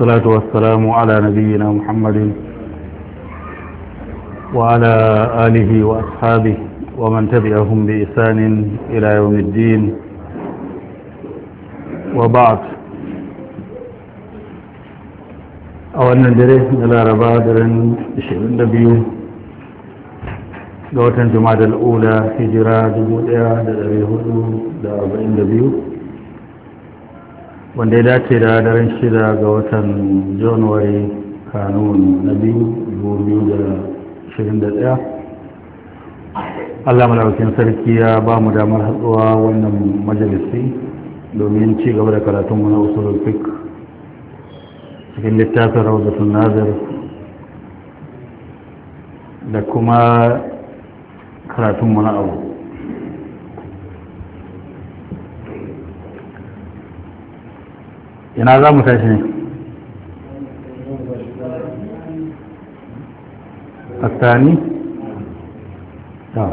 والصلاة والسلام على نبينا محمد وعلى آله وأصحابه ومن تبعهم بإحسان إلى يوم الدين وبعد أولا دريه إلى ربادر إشعرين نبيه لوتن جمعة الأولى هجرة جمهورية لأبي هدو لأربعين نبيه wanda ya dace da daren shida ga watan januwari kanun na biyu da shirin da daya, allah malaukin sarki ya ba mu damar hatsuwa wannan majalisi domin ci gaba da karatun na usulul fik cikin littafin sun nazar, da kuma karatun na abu ina za mu tashi ne الثاني نعم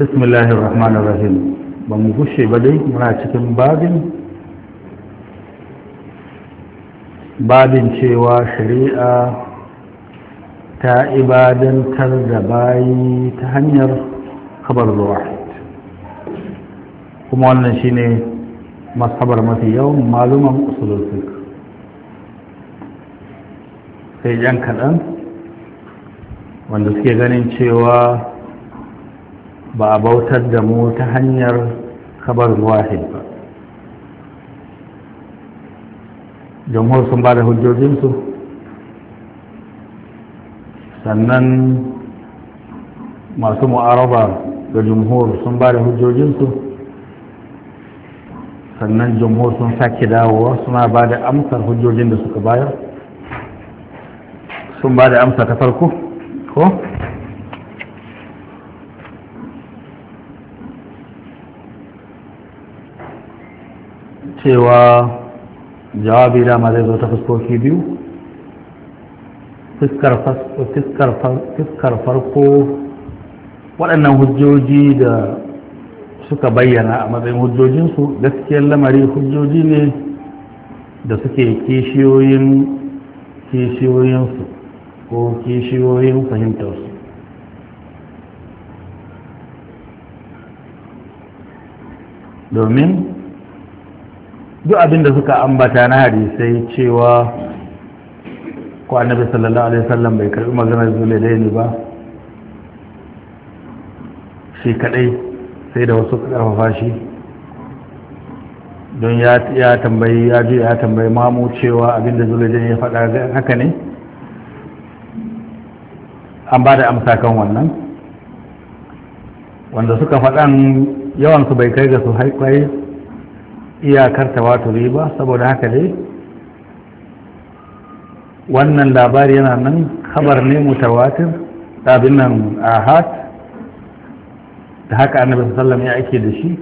بسم الله الرحمن الرحيم بمغش muna cikin babin babin cewa shari'a ta ibadantar da bayi ta hanyar kabar ruwa kuma wannan shi shine masabar mafi yawan maluman usulosik sai yan kaɗan wanda suke ganin cewa ba a bautar da mu ta hanyar kabar wahid ba jamhur sun ba da hujjojinsu sannan masu mu'araba da jamhur sun ba da hujjojinsu sannan jamhur sun sake dawowa suna ba da amsar hujjojin da suka bayar sun ba da amsa ta farko ko cewa jawabi dama zai zo ta fuskoki biyu fuskar farko waɗannan hujjoji da suka bayyana a matsayin hujjojinsu gaskiyar lamari hujjoji ne da suke kishiyoyin kishiyoyinsu ko kishiyoyin fahimtarsu domin duk abin da suka ambata na hadisai cewa ko annabi sallallahu alaihi wasallam bai karbi maganar zule ne ba shi kadai sai da wasu karfafa shi don ya tambayi ya ji ya tambayi mamu cewa abinda zulajin ya faɗa haka ne an ba da amsa kan wannan wanda suka faɗan yawansu bai kai ga su haikwai iyakar ta wato riba saboda haka dai wannan labari yana nan kabar ne mutawatir abin nan ahad da haka annabi sallam ya ake da shi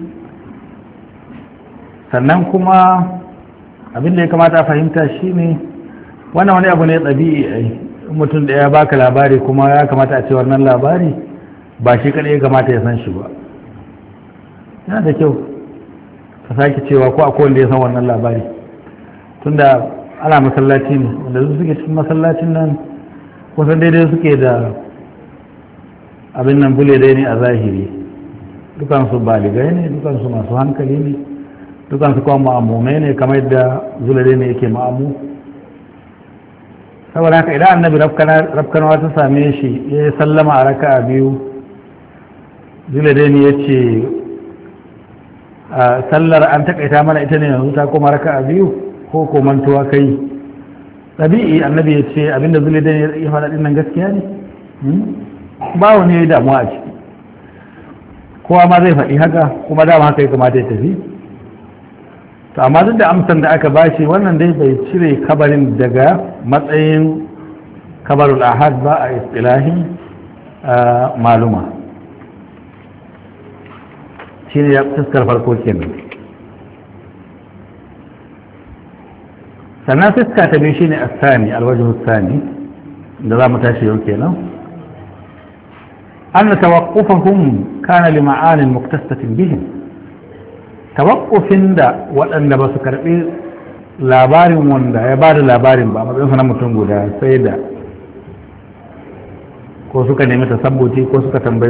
sannan kuma abin da ya kamata a fahimta shine wannan wani abu ne ɗabi'i ai mutum da ya baka labari kuma ya kamata a ce wannan labari ba shi kaɗai ya kamata ya san shi ba yana da kyau ka sake cewa ko a wanda ya san wannan labari tunda ana masallaci ne wanda su suke cikin masallacin nan kusan daidai suke da abin nan bule dai ne a zahiri dukansu baligai ne dukansu masu hankali ne dukansu kuma ma'amumai ne kamar yadda zulare ne yake ma'amu saboda haka idan annabi rafkanawa ta same shi ya yi sallama a raka biyu zulare ne ya ce sallar an takaita mana ita ne yanzu ta kuma raka biyu ko tuwa kai ɗabi'i annabi ya ce abinda zulare ya faɗaɗin nan gaskiya ne hmm? bawo ne damuwa a ciki kowa ma zai faɗi haka kuma dama haka ya kamata ya tafi to amma duk da amsan da aka bashi wannan dai bai cire kabarin daga matsayin kabarul ahad ba a istilahi maluma shi ne ya fuskar farko kenan sannan fuska ta biyu a Sani, alwajin Sani, da za mu tashi yau kenan أن توقفهم كان لمعان مكتسة بهم توقف دا وأن بس كربي labarin من دا يبار labarin ba matsayinsa na mutum guda sai da ko suka nemi tasabbuci ko suka sun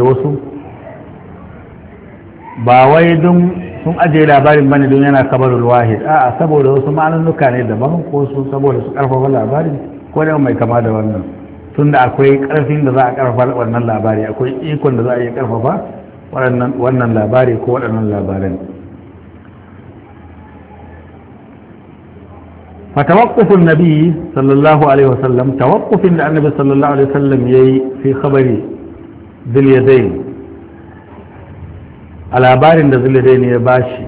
ajiye labarin bane don yana kabarul wahid a saboda wasu ma'anunuka ne daban ko su saboda su karfafa labarin ko da mai kama da wannan tunda akwai karfin da za a karfa wannan labari akwai ikon da za a yi karfafa wannan labari ko waɗannan labaran fa tawakkufin nabi sallallahu alaihi wasallam tawakkufin da annabi sallallahu alaihi wasallam ya yi fi khabari zilyadai a labarin da zilyadai ne ya bashi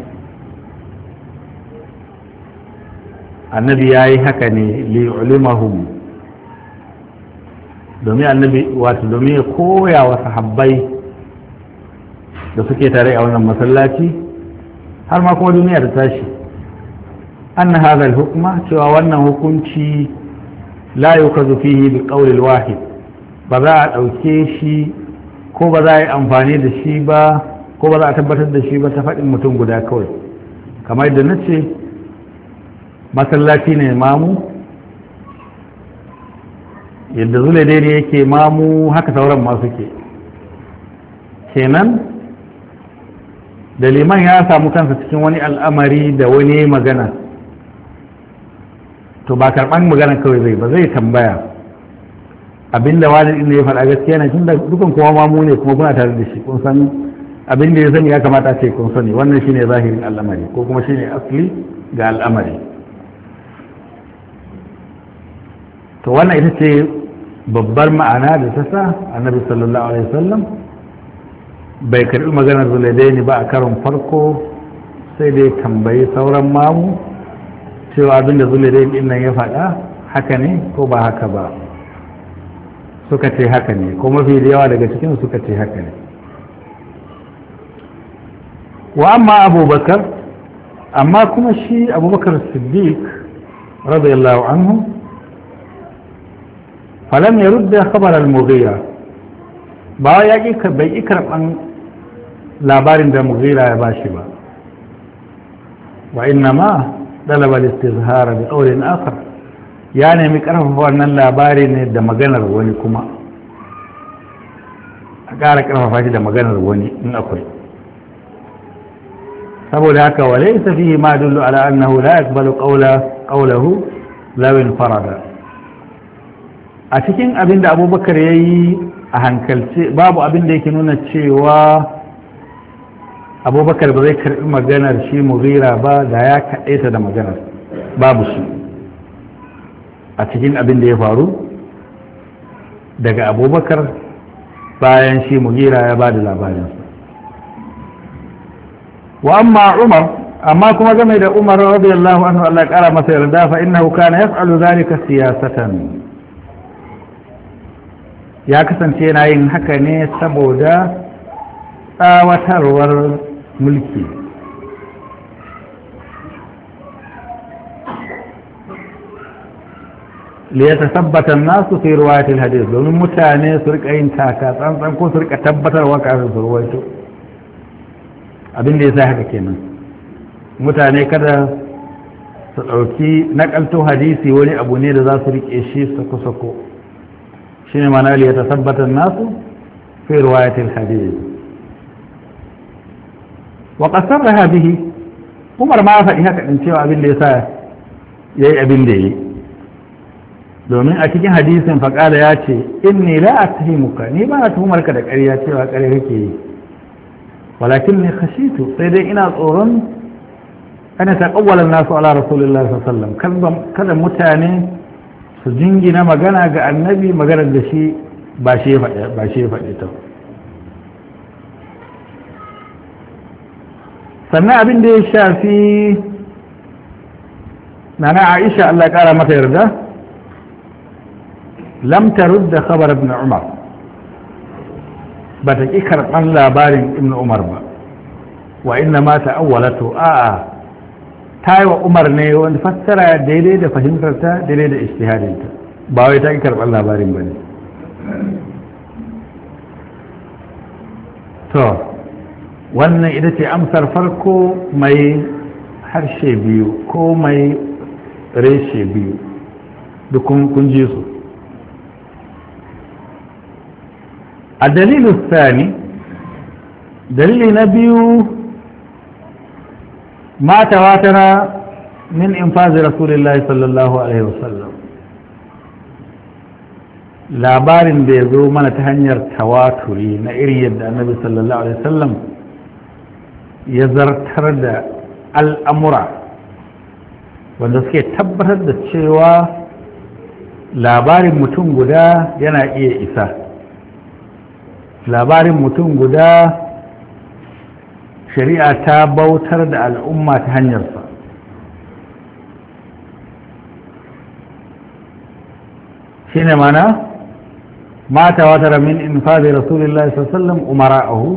annabi ya yi haka ne li'ulimahum domin annabi wato domin ya koya wa sahabbai da suke tare a wannan masallaci har ma kuma duniya da tashi anna hadha al-hukma cewa wannan hukunci la yukazu fihi bi qawli wahid ba za a dauke shi ko ba za a yi amfani da shi ba ko ba za a tabbatar da shi ba ta faɗin mutum guda kawai kamar da na ce masallaci ne mamu yadda zule dai yake mamu haka sauran masu ke kenan da liman ya samu kansa cikin wani al'amari da wani magana to ba karɓar magana kawai zai ba zai tambaya abinda wani inda ya faɗa gaskiya na tun da dukan kuma mamu ne kuma kuna tare da shi kun san abinda ya sani ya kamata ce kun sani wannan shine zahirin al'amari ko kuma shine asli ga al'amari to wannan ita ce babbar ma'ana da ta sa annabi sallallahu alaihi wasallam bai karbi maganar zulaidaini ba a karon farko sai dai tambayi sauran mamu cewa abinda zulaidaini din nan ya faɗa haka ne ko ba haka ba suka ce haka ne ko mafi da yawa daga cikin suka ce haka ne wa amma abubakar amma kuma shi abubakar siddiq radiyallahu anhu فلم يرد خبر المغيرة بايا يك بي اكرم ان لابارين ده مغيرة يا باشبا وإنما طلب الاستظهار بقول آخر يعني مكرف فان لابارين ده مغانا رواني كما قال كرف فاتي ده مغانا رواني من أخر سبو لهاك وليس فيه ما دل على أنه لا يقبل قوله قوله لو انفرد a cikin abin da abubakar ya yi a hankalce babu abin da yake nuna cewa abubakar ba zai karɓi maganar shi mughira ba da ya kaɗaita da maganar babu su. a cikin abin da ya faru daga abubakar bayan shi mughira ya ba da labarinsa wa amma umar amma kuma game da umar radiyallahu anhu Allah ya kara masa yarda fa innahu kana yaf'alu dhalika siyasatan ya kasance yana yin haka ne saboda tsawatarwar mulki liyata tabbatar nasu fi ruwayatul hadis domin mutane su rika yin taka tsantsan ko su rika tabbatarwa kafin su ruwaito abin da ya sa haka kenan mutane kada su ɗauki nakalto hadisi wani abu ne da za su rike shi sako-sako shine ma'ana ya ta an-nasu fi riwayat al-hadith wa qasarraha bihi Umar ma faɗi haka din cewa abin da yasa yayi abin da yayi domin a cikin hadisin faƙada ya ce inni la attahimuka ni ba na tuhumarka da ƙarya cewa ƙarya kake yi walakin ne khashitu sai dai ina tsoron ana taqawwala nasu ala rasulillahi sallallahu alaihi wasallam kada mutane su jingina magana ga annabi maganar da shi ba shi faɗi ta sannan abin da ya shafi na na aisha Allah ƙara mata yarda lam rudda khabar ibn umar ba ta ƙi karɓar labarin ibn umar ba wa inna ma to a'a ta yi wa umar ne wanda fassara daidai da fahimtarta daidai da ishtihadinta ba wai ta ki karɓar labarin ba ne to wannan ita ce amsar farko mai harshe biyu ko mai reshe biyu duk kun ji su a dalilin sani dalili na biyu ما تواتر من انفاذ رسول الله صلى الله عليه وسلم labarin da ya zo mana ta hanyar tawaturi na iri yadda annabi sallallahu alaihi wasallam ya zartar da al'amura wanda suke tabbatar da cewa labarin mutum guda yana iya isa labarin mutum guda shari'a ta bautar da al'umma ta hanyarsa shi ne mana mata watara min infadi rasulullahi sallam umara'ahu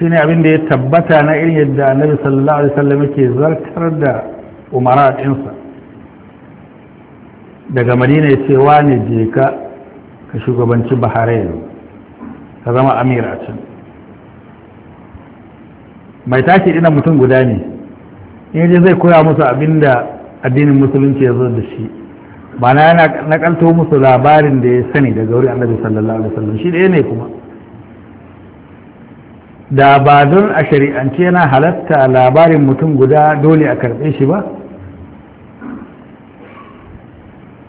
shi ne abin da ya tabbata na irin yadda annabi sallallahu alaihi wasallam yake zartar da umara ɗinsa daga madina ya ce ne je ka ka shugabanci bahrain ka zama amir a can mai tashi ina mutum guda ne in je zai koya musu abinda addinin musulunci ya zo da shi ba na yana nakalto musu labarin da ya sani daga wurin annabi sallallahu alaihi wasallam shi ɗaya ne kuma da ba don a shari'ance yana halatta labarin mutum guda dole a karɓe shi ba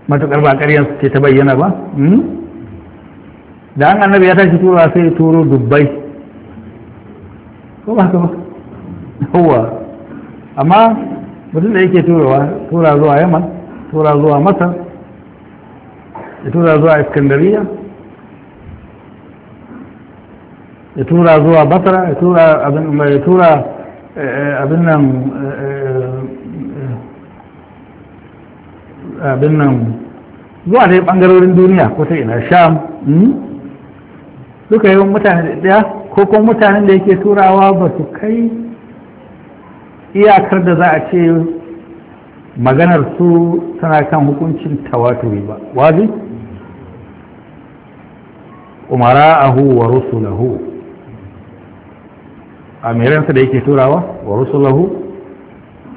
matuƙar ba ƙaryar ce ta bayyana ba hmm? da an annabi ya tashi tura sai ya turo dubbai ko ba haka ba yawa amma mutum da yake turawa tura zuwa yaman tura zuwa masar ya tura zuwa iskandariya ya tura zuwa basra ya tura abin ya tura eh, eh, abin nan eh, abin nan zuwa dai bangarorin duniya ko ta ina sham hmm? duka yawan mutane da ko kuma mutanen da yake turawa ba su kai iyakar da za a ce maganar su tana kan hukuncin tawatuwi ba wazi ahu wa rusulahu amiransa da yake turawa wa rusulahu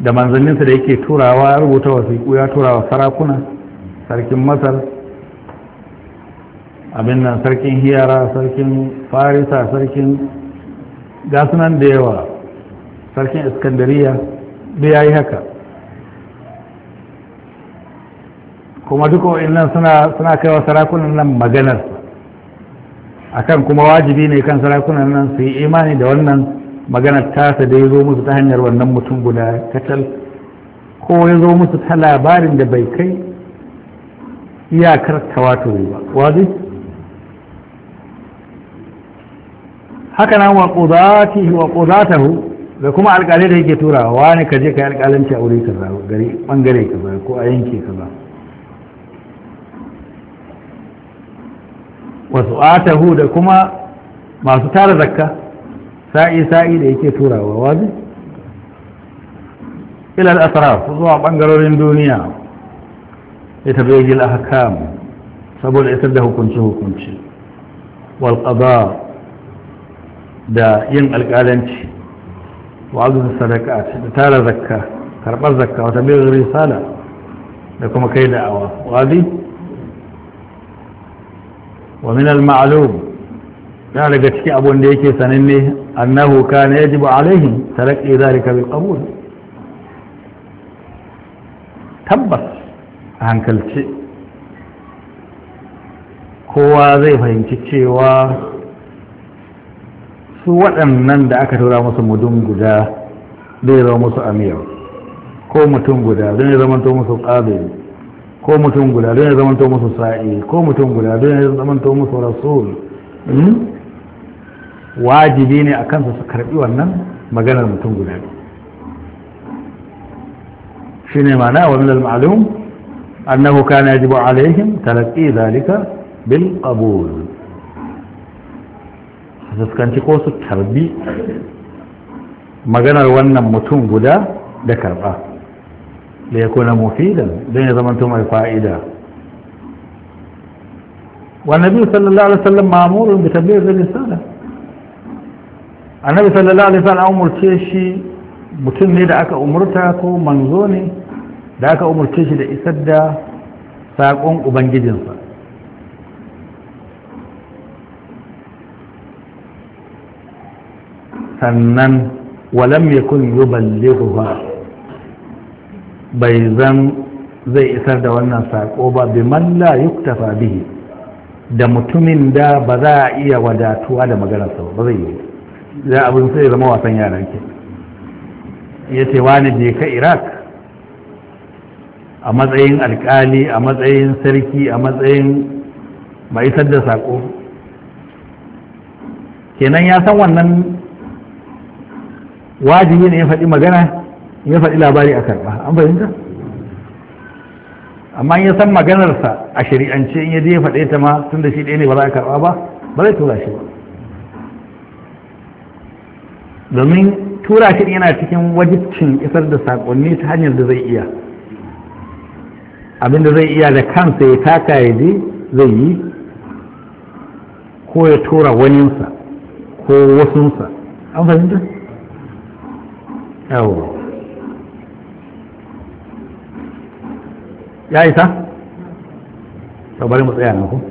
da manzanninsa da yake turawa ya rubuta wasiku ya turawa sarakuna sarkin masar abin nan sarkin hiyara sarkin farisa sarkin gasunan da yawa sarkin iskandariya da ya yi haka kuma duka wa'annan suna kaiwa sarakunan nan maganar akan kuma wajibi ne kan sarakunan nan su yi imani da wannan maganar tasa da ya zo musu ta hanyar wannan mutum guda katal ko ya zo musu ta labarin da bai kai iyakar tawato ba wazi haka nan wa ƙudatihi wa ƙudatahu da kuma alƙalai da yake wa wani ka je ka yi alƙalanci a wuri kaza gari bangare kaza ko a yanki kaza wasu atahu da kuma masu tara zakka sa'i sa'i da yake waje? wani ilal su zuwa bangarorin duniya ita bai gil ahkam saboda isar da hukunci hukunci wal qada da yin alƙalanci wa'azin sadaka da tara zakka karɓar zakka wata biyar risala da kuma kai da'awa wazi wa min al-ma'lum ya daga cikin abun da yake sananne annahu kana yajibu alaihi talaqqi zalika bil qabul tabbas a hankalce kowa zai fahimci cewa su waɗannan da aka tura musu mudun guda zai zama musu amir ko mutum guda zai zamanto musu ƙadiri ko mutum guda zai zamanto musu sa'i ko mutum guda zai zamanto musu rasul hmm? wajibi ne a kansa su karɓi wannan maganar mutum guda shi ne mana wa minal ma'alum annahu kana yajibu alaihim talaqqi zalika bil qabul su fuskanci ko su tarbi maganar wannan mutum guda da karɓa da ya kuna mufidan don ya zama mai fa'ida والنبي صلى الله عليه da? مامور بتبليغ الرسالة annabi sallallahu alaihi wasallam umurce shi mutum ne da aka umurta ko manzo ne da aka umurce shi da isar da sakon ubangijinsa sannan walam yakun ba bai zan zai isar da wannan sako ba bi malla yuktafa bihi da mutumin da ba za a iya wadatuwa da maganarsa ba zai yi za abin sai zama wasan yaran ke ya ce wani je ka iraq a matsayin alkali a matsayin sarki a matsayin mai isar da sako kenan ya san wannan wajibi ne ya faɗi magana ya faɗi labari a karɓa an fahimta amma ya san maganarsa a shari'ance in ya je ya faɗe ta ma tun da shi ɗaya ne ba za a karɓa ba ba zai tura shi ba domin tura shi yana cikin wajibcin isar da saƙonni ta hanyar da zai iya abin da zai iya da kansa ya taka ya je zai yi ko ya tura waninsa ko wasunsa an fahimta yawo ya isa? bari mu tsaya na ku